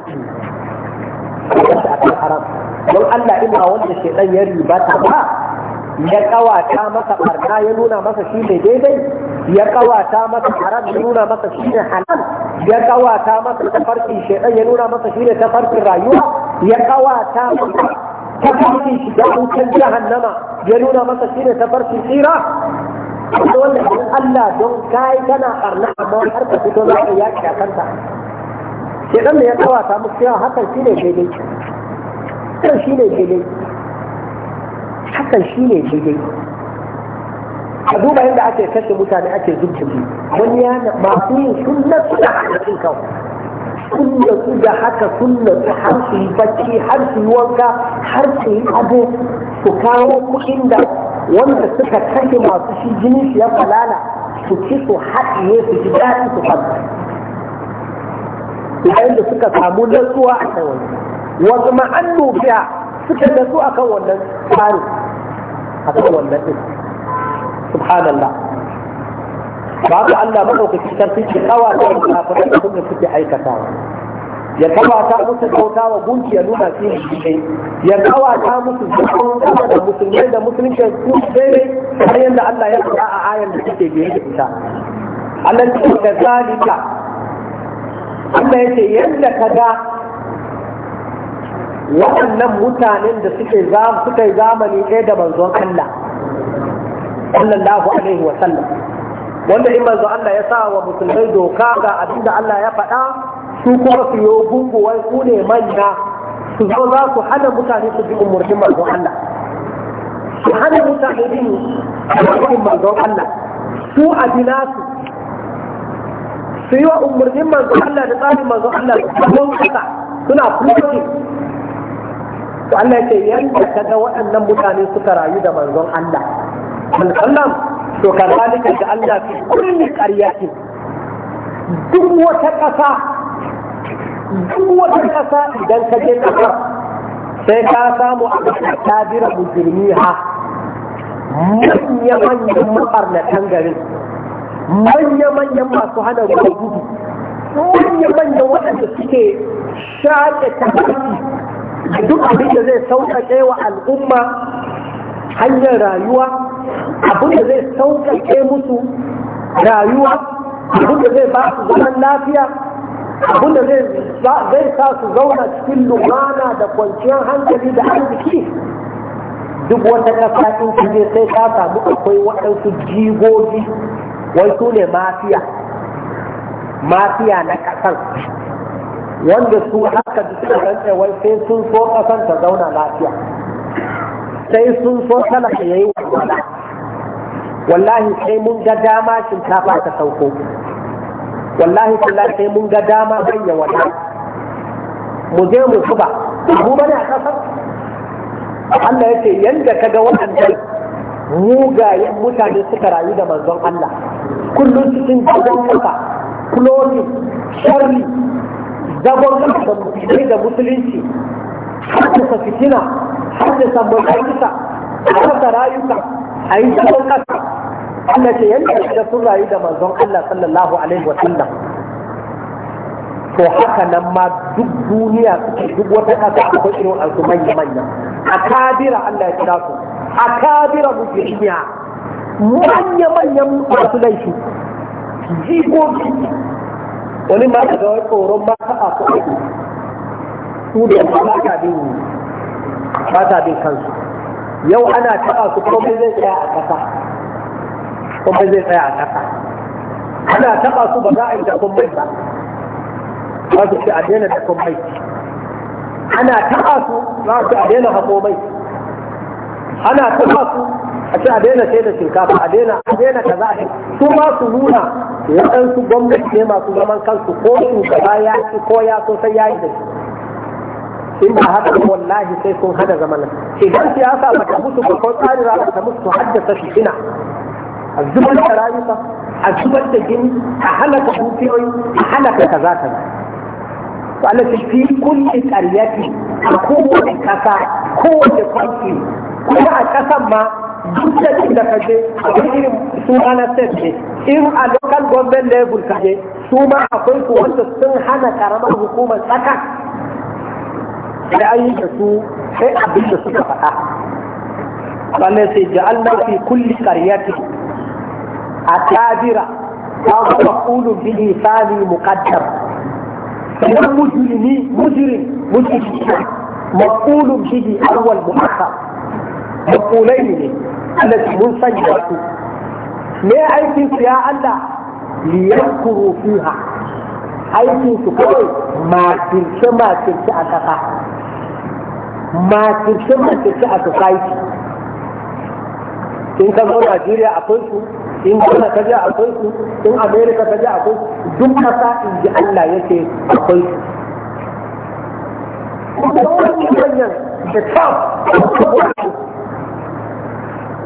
a kan haram don Allah ina wanda shedan ya ribata ba ya kawata masa barna ya nuna masa shi ne daidai ya kawata masa haram ya nuna masa shi ne halal ya kawata masa tafarkin shedan ya nuna masa shi ne tafarkin rayuwa ya kawata masa shi shiga wutar jahannama ya nuna masa shi ne tafarkin tsira da wanda Allah don kai kana karna amma har ka fito za ka yaki a kanta sai dan da ya tsawata musu yawa hakan ne daidai hakan ne daidai hakan ne daidai a duba yadda ake kashe mutane ake zubtubi wani yana masu yin sunna suna hannun kawai sunna su da haka sunna su har su yi bacci har su yi wanka har su yi abu su kawo kuɗin da wanda suka kashe masu shi jini shi ya falala su ci su haɗiye su ji daɗi su kwanta yayin da suka samu nasuwa a kan wani wasu ma'an an nufiya suka nasu a kan wannan tsari, a kan wannan ɗin subhanallah ba ku Allah maɗaukaki sarki ki kawa da kafirai da suke aikatawa ya kawata musu kauta wa gunki ya nuna su ne ya kawata musu zafin da musulmai da musulunci su daidai har yadda Allah ya faɗa a ayan da suke biye da ita Allah ya ce ka zalika Allah ya ce yadda ka ga waɗannan mutanen da suka yi zamani ɗaya da manzon Allah sallallahu alaihi wa sallam wanda in manzo Allah ya sa wa musulmai doka ga abinda Allah ya faɗa su kuma su yi gungu wai su ne manya su zo za su hana mutane su bi umarnin manzon Allah su hana mutane bin umarnin manzon Allah su a su su yi wa umarnin manzon Allah da tsarin manzon Allah su zo kasa suna fulotin to Allah ce yadda ka ga waɗannan mutane suka rayu da manzon Allah sallallahu to kazalika da Allah fi kulli qaryatin duk wata ƙasa duk wata ƙasa idan ka je ƙasar sai ka samu a ƙasar ta jira mujirmi ha manya-manyan maɓarnatan garin manya-manyan masu hana ruwa gudu manya-manyan waɗanda suke shaƙe tabbaci duk abin da zai sauƙaƙe wa al'umma hanyar rayuwa abin da zai sauƙaƙe musu rayuwa abin da zai ba su zaman lafiya abinda zai sa su zauna cikin lumana da kwanciyar hankali da arziki duk wata ƙasa in su je sai ta samu akwai waɗansu jigogi wai su ne mafiya mafiya na ƙasar wanda su haka da suka rantsa wai sai sun so ƙasar ta zauna lafiya sai sun so talaka ya yi walwala wallahi sai mun ga dama shinkafa ta sauko wallahi kullahi sai mun ga dama kan ya wata mu je mu zuba mu bane a kasar Allah ya ce yadda ka ga waɗannan mugayen mutane suka rayu da manzon Allah kullum cikin gaban kasa kulomi, sharri zagon kafa da har da musulunci har fitina haddasa mulkaisa a kasa rayuka a yi zagon kasa Allah ce yanda da sun rayu da manzon Allah sallallahu alaihi wa sallam to haka nan ma duk duniya suke duk wata ƙasa akwai irin alsu manya manya kabira Allah ya kira su kabira mujrimiya manya manyan masu laifi jikoki wani ma ka ga tsoron ba ta a aiki su da ba ta bin ba ta bin kansu yau ana taɓa su kuma zai tsaya a ƙasa kuma zai tsaya a ƙasa ana taɓa su ba za a yi da mai ba za su ce a daina da mai, ana taɓa su za su a daina haƙo mai ana taɓa su a ce a daina sai da shinkafa a daina a daina kaza a su ma su nuna waɗansu gwamnati ne masu zaman kansu ko shugaba ya ci ko ya so sai ya yi da shi in ba haka wallahi sai sun hada zaman nan idan siyasa ba ta mutu ba ko tsari za ta mutu haddasa fitina a zubar da rayuka a zubar da gini a halaka dukiyoyi a halaka kaza kaza to Allah ta fi kulli qaryati a kowace kasa kowace kwanki kuma a ƙasan ma duk da inda kaje akwai irin su ana set ne in a local government level kaje su ma akwai su wanda sun hana karamar hukumar tsaka da an yi da su sai abin da suka faɗa. Allah sai ja'alna fi kulli qaryatin akabira ta ga maqulu bi lisani muqaddam idan mujrimi mujrim mujrim maqulu bihi awwal muakhar maqulaini ne allati mun sanya su me aikin su ya Allah liyakuru fiha aikin su kawai makirce makirce a kasa makirce makirce a su in ta ji akwai su in Amerika ta ji akwai su duk kasa in ji allah yake akwai su manyan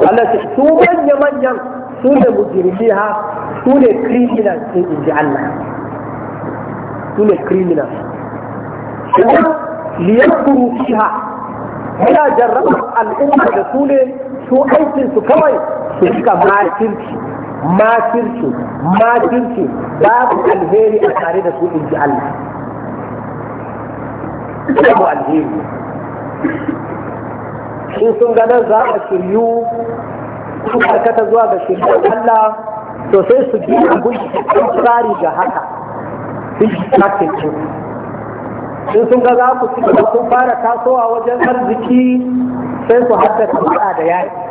Allah ce su manya manyan su ne mujirmi ha su ne criminal in ji Allah su ne criminal shi ha? yana jarraba al'umma da su ne su aikinsu kawai su suka makirci makirci makirci babu alheri a tare da su in ji Allah babu alheri shi sun ganar za a shiryu sun karkata zuwa ga shirya Allah to sai su ji sun tsari ga haka sun ji tsakin in sun ga za ku cikin sun fara tasowa wajen arziki sai su haddasa da yaki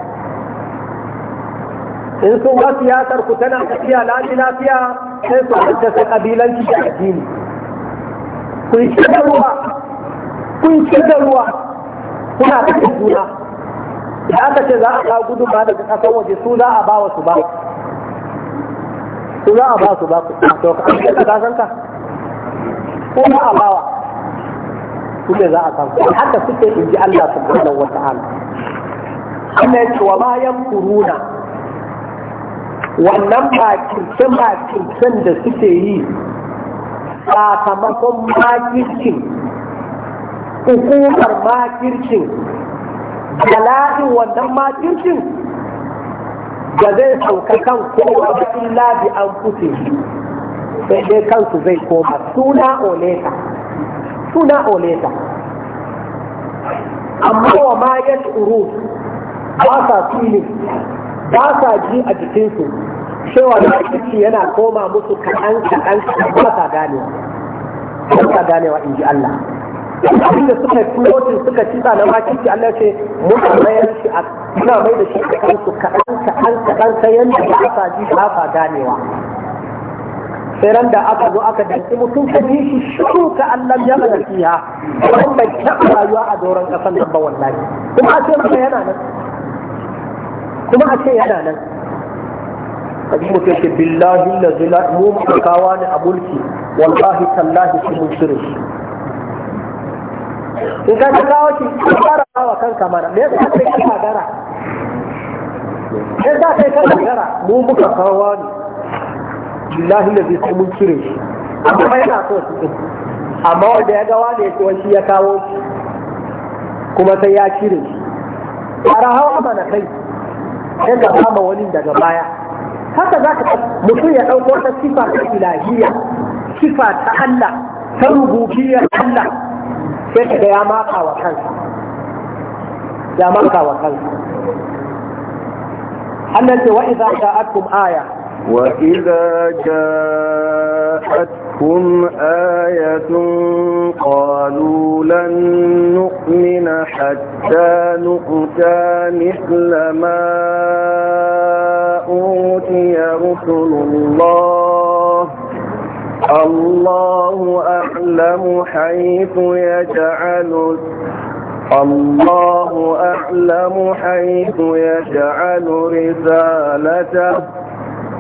in sun ga siyasar ku tana tafiya lami lafiya sai su haddasa kabilanci da addini kun ci da ruwa kun ci da ruwa kuna kashe juna da aka ce za a gudu ba daga ƙasar waje su za a ba wa su ba su za a ba su ba ku to ka an ka san ka ko ba a ba wa su ne za a san ku haka suke in ji Allah subhanahu wa ta'ala Allah ya ce wa ma yankuruna wannan makirce-makircen da suke yi sakamakon makircin hukumar makircin bala'in wannan makircin da zai sauka kan kowa da illa bi an kuce sai dai kansu zai koma suna oleta suna oleta amma wa ma ya ba sa fili ba sa ji a jikinsu cewa da kici yana koma musu kaɗan kaɗan ba sa ganewa ba sa ganewa in ji Allah abin da suka yi suka ci na makici Allah ce muna mayar shi a suna mai da shi a kansu kaɗan kaɗan kaɗan ta yanda ba sa ji ba ganewa sai ran da aka zo aka danci mutum ka ji shi shiru ka Allah ya mana fiya wannan bai taɓa rayuwa a doron ƙasan nan ba wallahi kuma a ce yana nan kuma a ce yana nan kaji mutum ke billahi la zila mu kawa ne a mulki wallahi tallahi shi mun shirin in ka ta kawo shi ka fara kawa kanka mana me yasa kai ka gagara me yasa kai ka gagara mu muka kawa ne billahi la zila mun shirin shi amma yana so su amma wanda ya gawa ne ko shi ya kawo kuma sai ya cire shi a rahawa mana kai sai ka kama wani daga baya haka za ka mutum ya ɗauko wata sifa ta ilahiyya sifa ta Allah ta rububiyar Allah sai ka ya maka wa kansa ya maka wa kansa Allah ce wa idza ja'akum aya وإذا جاءتهم آية قالوا لن نؤمن حتى نؤتى مثل ما أوتي رسل الله الله أعلم حيث يجعل الله أعلم حيث يجعل رسالته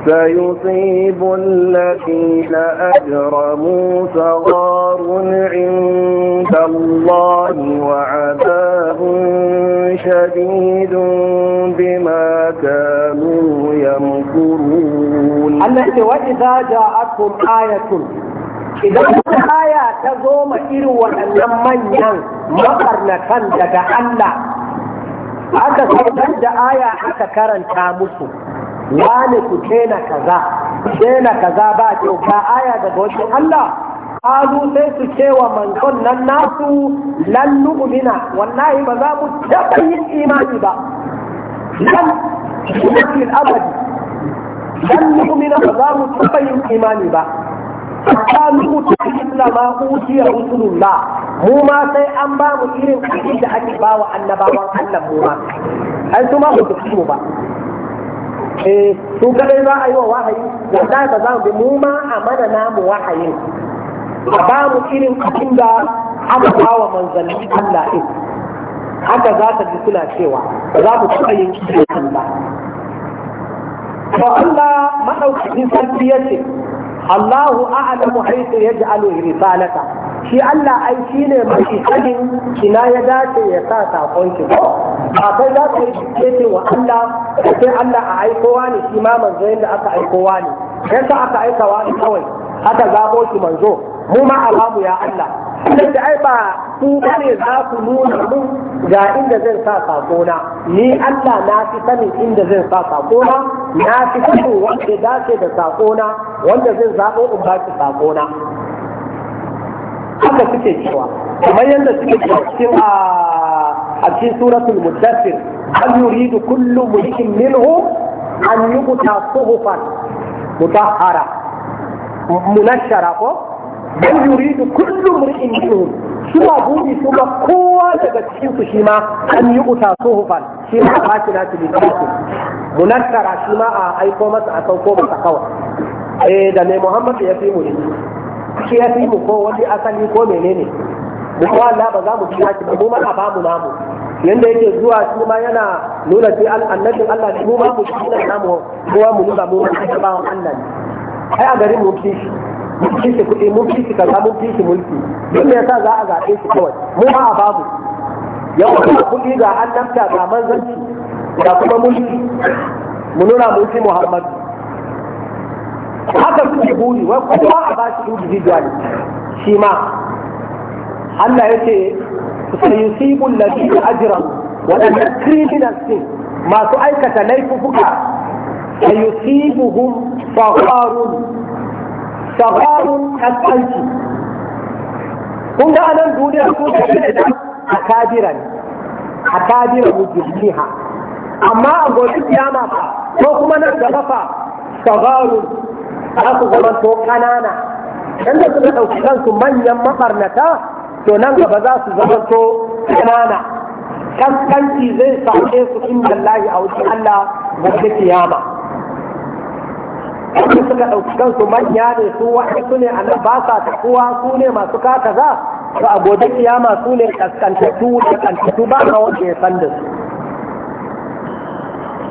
سيصيب الذين أجرموا صغار عند الله وعذاب شديد بما كانوا يمكرون الله وإذا جاءتكم آية إذا آية تزوم إروا أن مقرنة daga Allah aka saukar da aya aka karanta musu wani ku daina kaza daina kaza ba ke ba aya daga wajen Allah kazu sai su ce wa manzon nan nasu lan nu'mina wallahi ba za mu taɓa yin imani ba lan nu'min abadi lan nu'mina ba za mu taɓa yin imani ba ta nu'mina isla ma utiya rusulullah mu ma sai an ba mu irin kaji da ake ba wa annabawan Allah mu ma an su ma ba ba eh su kadai za a yi wa wahayi wanda ka za mu mu ma a mana namu wahayin a ba mu irin a da aka ba wa manzanni Allah din haka za ta ji suna cewa za mu taɓa yin kiran Allah. to Allah madaukakin sarki ya ce Allahu a'lamu haythu yaj'alu risalata shi Allah ai ne mai sanin kina ya dace ya sa sakon shi ba kai za ka yi wa Allah sai Allah a aikowa ne shi ma manzo yadda aka aikowa ne yasa aka aikawa ne kawai aka zaɓo shi manzo mu ma alamu ya Allah da ai ba ku bane za ku nuna mu ga inda zan sa na, ni Allah na fi sanin inda zan sa sakona na fi sanin wanda dace da na, wanda zan zaɓo in ba ki na. haka suke cewa kamar yadda suke cewa cikin a cikin suratul muddathir hal yuridu kullu mulkin minhu an yubta suhufan mutahhara munashara ko bal yuridu kullu mri'in minhum suna buɗi suna kowa daga cikin su shi ma an yi uta sohufan shi ma ba shi na cikin su munattara shi ma a aiko masa a sauko masa kawai eh da mai muhammad ya fi mu ne shi ya fi mu ko wani asali ko menene mu ko Allah ba za mu ci shi ba mu ma a ba mu namu yanda yake zuwa shi ma yana nuna shi annabin Allah ne mu ma mu ci namu kowa mu nuna mu ma ba Allah ne. ai a garin mun fi shi mun fi shi kuɗi mun fi shi kaza mun fi shi mulki duk me yasa za a zaɓe shi kawai mu ma a babu yau da kuɗi ga annabta ga manzanci ga kuma mulki mu nuna mun fi muhammadu haka suke buri wai kowa a ba shi individual shi ma Allah ya ce sayusibu alladhina ajramu wa criminal sin masu aikata laifuka فيصيبهم صغار صغار الأنف كنت أنا نقول أكون أكابرا أكابر مجرميها أما أقول القيامة وكما نقول صغار أصغر كنانا inda suka ɗauki kansu manyan mafarnata to nan gaba za su zama to ƙanana kaskanci zai same su inda Allah a wajen Allah gobe kiyama Wani suka ɗauki kansu manya ne su su ne a ba sa tafuwa su ne masu kaka za to a gobe kiyama su ne kaskantattu da kantattu ba a wanda ya san da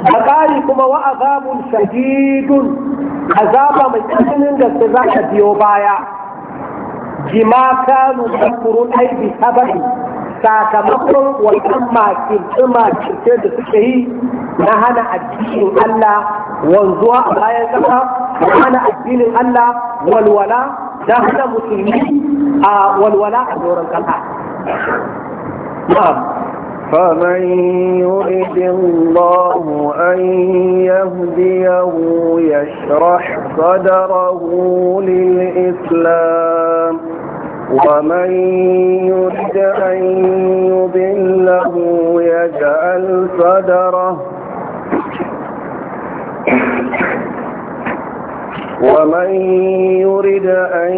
su ƙari kuma wa azabun shadidun azaba mai da su za ka biyo baya jima kanu tafurun aibi sabari sakamakon wannan makirce-makirce da suke yi na hana addinin Allah wanzuwa a bayan ƙasa na hana addinin Allah walwala da hana musulmi a walwala a doron ƙasa. فمن يرد الله أن يهديه يشرح صدره للإسلام ومن يرد أن يضله يجعل صدره ومن يرد أن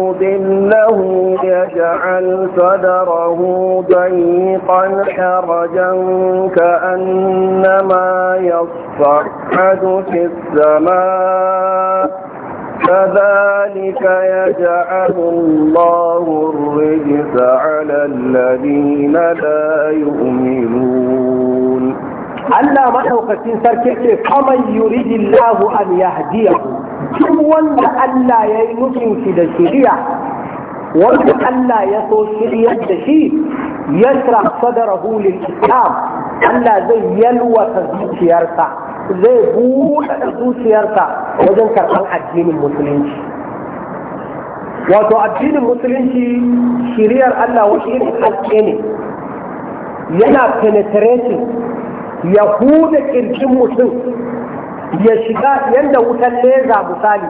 يضله يجعل صدره ضيقا حرجا كأنما يصعد في السماء كذلك يجعل الله الرجس على الذين لا يؤمنون Allah maɗaukacin sarki ce kamar yuridi Allahu an yahdiya duk wanda Allah ya yi nufin shi da shiriya wanda Allah ya so shiryar da shi yasra sadarahu lil islam Allah zai yalwata zuciyarsa zai buɗe zuciyarsa wajen karɓar addinin musulunci wato addinin musulunci shiriyar Allah wani irin haske ne yana penetrating ya huda kirkin mutum ya shiga yadda wutan leza misali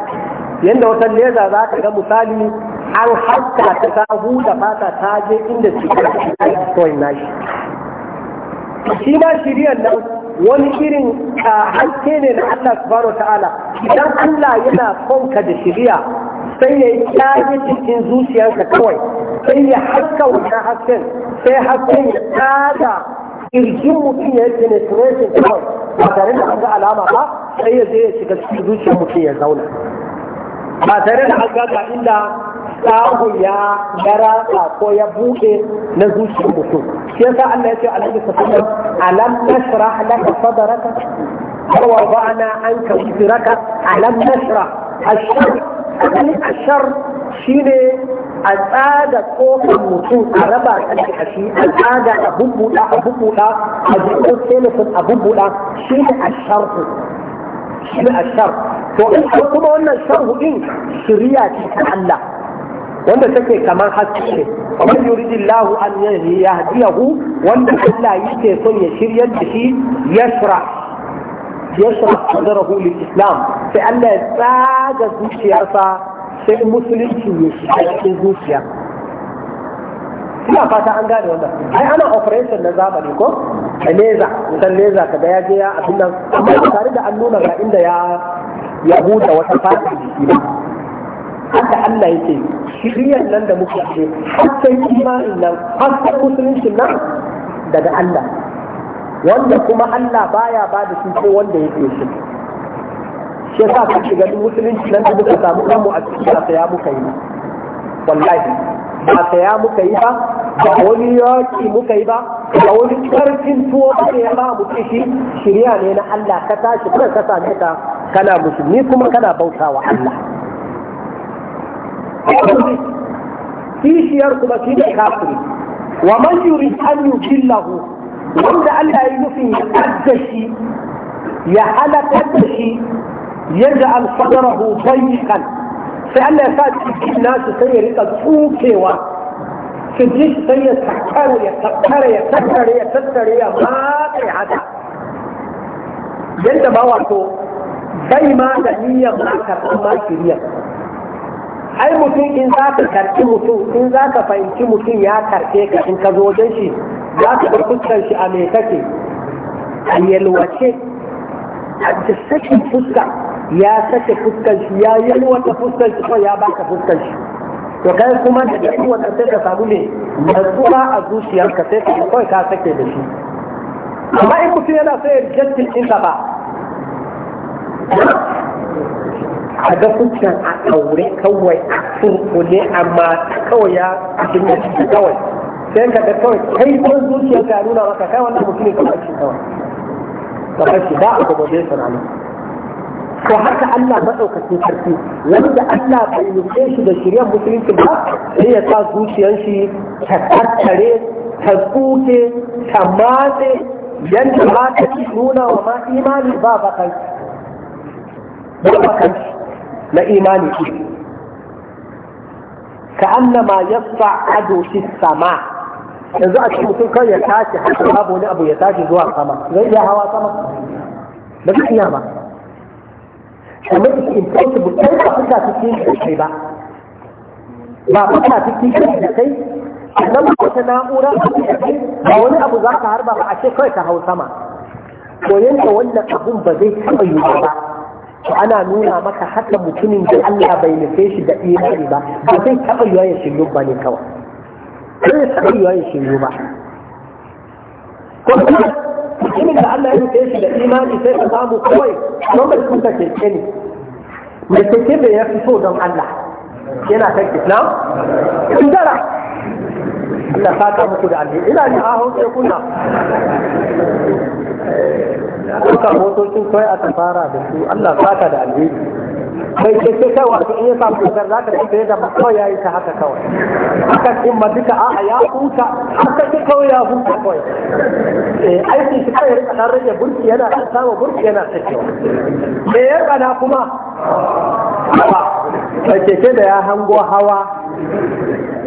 yadda wutan leza za ka ga misali an haska ta ta huda fata ta je inda cikin cikin nashi shi ma shiriyar nan wani irin haske ne na Allah subhanahu wa ta'ala idan Allah yana fonka da shiriya sai ya yi cikin zuciyarka kawai sai ya haska wannan hasken sai hasken ya tsada kirjin mutum ya yi penetration kawai ba tare da an ga alama ba sai ya je ya shiga cikin zuciyar mutum ya zauna ba tare da an ga inda sahu ya gara ko ya buɗe na zuciyar mutum shi yasa Allah ya ce alaihi sallam alam nashrah laka sadraka wa wada'na anka wizraka alam nashrah ashar asalin ashar shine a tsaga kofar mutum a raba ta da kashi a tsada a bubbuɗa a bubbuɗa a jikin telefon a bubbuɗa shine ashar shine ashar to in kuma wannan sharhu din shiriya ce ta Allah wanda take kamar haske wa yuridillahu an yahdiyahu wanda Allah yake son ya shiryar da shi yashra sai Allah ya tsaga zuciyarsa sai musulunci شيء مسلم في zuciya. ina fata an gane wannan ai ana operation na zamani ko A leza wutan leza ka daya ya je ya abin nan amma tare da an nuna ga inda ya ya huta wata fata jiki ba haka Allah yake shirin nan da muke ce hasken imanin nan hasken musulunci nan daga Allah wanda kuma Allah baya ba da shi ko wanda yake shi shi yasa ka shiga musulunci nan da muka samu kanmu a cikin ya saya muka yi wallahi ba saya muka yi ba ba wani yaki muka yi ba ba wani karfin tuwo ba ya ba mu kishi shirya ne na Allah ka tashi kuma ka same ka kana musulmi kuma kana bautawa Allah kishiyar kuma shi ne kafiri wa man yuri an yujillahu wanda Allah ya nufin ya adda shi ya halaka da shi yadda an sadarahu bayyikan sai Allah ya sa cikin nasu sai ya rika tsukewa su ji sai ya tattare ya tattare ya tattare ya tattare ya matsa ya hada yadda ba wato bai ma da niyyar ma karɓar ma shiriyar ai mutum in za ka karɓi mutum in za ka fahimci mutum ya karfe ka in ka zo wajen shi za ka ga fuskar shi a mai kake a yalwace a da sakin fuska ya sake fuskar shi ya yalwata fuskar shi ko ya baka fuskar shi to kai kuma da duk wanda sai ka samu ne nutsuwa a zuciyarka sai ka kawai ka sake da shi amma in mutum yana so ya jantin inda ba a ga fuskan a ɗaure kawai a turkule amma kawai ya abin da shi kawai sai ka ga kawai kai ko zuciya ta nuna maka kai wannan mutum ne kamar shi kawai kamar shi ba a gaba da sana ko haka Allah madaukakin sarki wanda Allah bai nufe shi da shirya musulunci ba sai ya sa zuciyar shi ta tattare ta tsuke ta matse yadda ma ta nuna wa ma imani ba bakai ba bakai na imani iri ka annama yasfa ado shi sama yanzu a cikin mutum kawai ya tashi haka babu wani abu ya tashi zuwa sama zai iya hawa sama Ba zai iya ba amma it's impossible kai ba fuka cikin da kai ba ba fuka cikin da kai nan ba ta na'ura ba wani abu za ka harba ba a ce kawai ta hau sama to yanka wannan abun ba zai taɓa yi ba to ana nuna maka haka mutumin da Allah bai nufe shi da imani ba ba zai taɓa yiwa ya shiryu ba ne kawai zai taɓa yiwa ya shiryu ba kuma mutumin da Allah ya nufe shi da imani sai ka samu kawai don bai kuka keke ne mai keke bai ya fi so don Allah yana kan Islam? Tundara Allah saka muku da alheri ina ni a ah, hausa kuna suka motocin kawai aka fara da su Allah saka da alheri bai keke kai wato in ya samu cutar za ka tafi da kawai ya yi ta haka kawai haka in ma duka a'a ya huta haka ce kawai ya huta kawai eh, aiki shi kawai rika dan rage burki yana da samun burki yana sakewa me ya kana kuma bai keke da ya hango hawa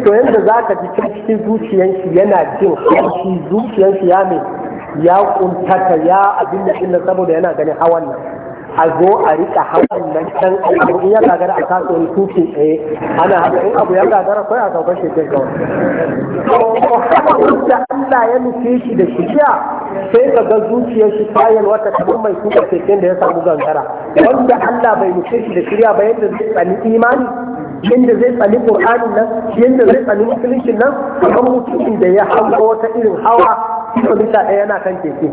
to yadda za ka ji cikin zuciyanshi yana jin haushi zuciyanshi ya mai ya kuntata ya abin da saboda yana ganin hawan nan a zo a rika hawan nan can abu ya gagara a kasa wani tuki tsaye ana haka in abu ya gagara kai a sauka shi kai kawai da Allah ya nufi shi da shiriya, sai ka ga zuciyar shi kayan wata kamar mai tuka keken da ya samu gangara wanda Allah bai nufi shi da shirya ba yadda zai tsani imani yadda zai tsani Qur'anin nan yadda zai tsani musulunci nan kamar mutumin da ya hango wata irin hawa bisa ɗaya yana kan keke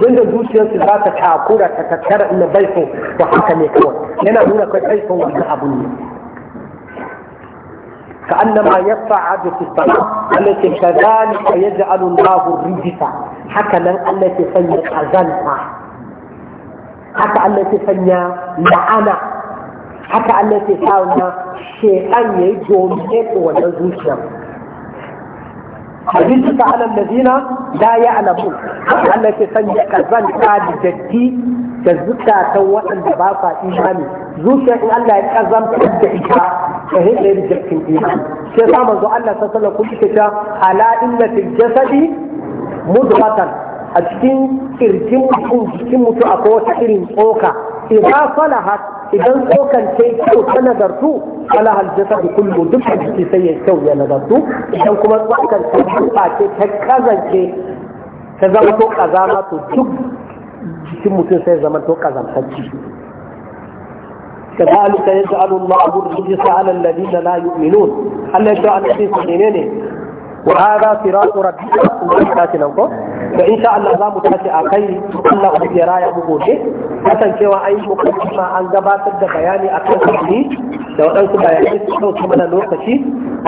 yadda zuciyarsu za ta takura ta tattara ina bai so haka ne kawai yana nuna kai bai son wannan abun ne كأنما يصعد في السماء التي كذلك يجعل الله الرجس هكذا التي سنى أزلها haka Allah ke sanya la'ana haka Allah ke sanya shekan ya yi domin wannan zuciya rizqa ala alladhina la ya'lamun Allah ke sanya kazanta da datti da zukatan waɗanda ba sa imani zuciya in Allah ya kazanta da ita ta rike rijakin imani sai sa manzo Allah sallallahu alaihi wasallam kun ce ta a cikin kirjin mutum jikin mutum akwai wata irin tsoka idan salahat idan tsokan ta yi kyau ta nagartu da kullum kullu dukkan jiki sai ya kyau ya nagartu idan kuma tsokan ta gurɓace ta kazance ta zama to kazama to duk jikin mutum sai zama to kazantacci كذلك يجعل الله الرجس على الذين لا يؤمنون هل يجعل الرجس منين wa hadha siratu rabbika subhanaka nan ko da insha Allah za mu tashi a kai Allah ku ya raya mu gobe kasancewa ai mu kuma an gabatar da bayani akan sabbi da waɗansu bayanai su ɗauki mana lokaci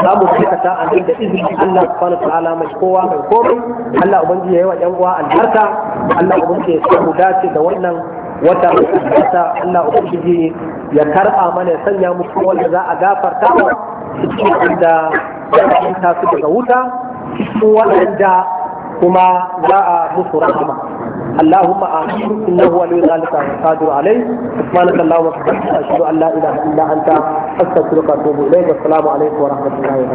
za mu aikata a nan da izinin Allah subhanahu ta'ala mai kowa mai komai Allah ya yi wa uwa albarka Allah ya da wannan wata wata Allah ubangiji ya karɓa mana ya sanya mu wanda za a gafarta cikin wanda za su daga wuta cikin waɗanda kuma za a musu rahama اللهم آمين إنه ولي ذلك والقادر عليه سبحانك اللهم وبحمدك أشهد أن لا إله إلا أنت أستغفرك وأتوب إليك والسلام عليكم ورحمة الله وبركاته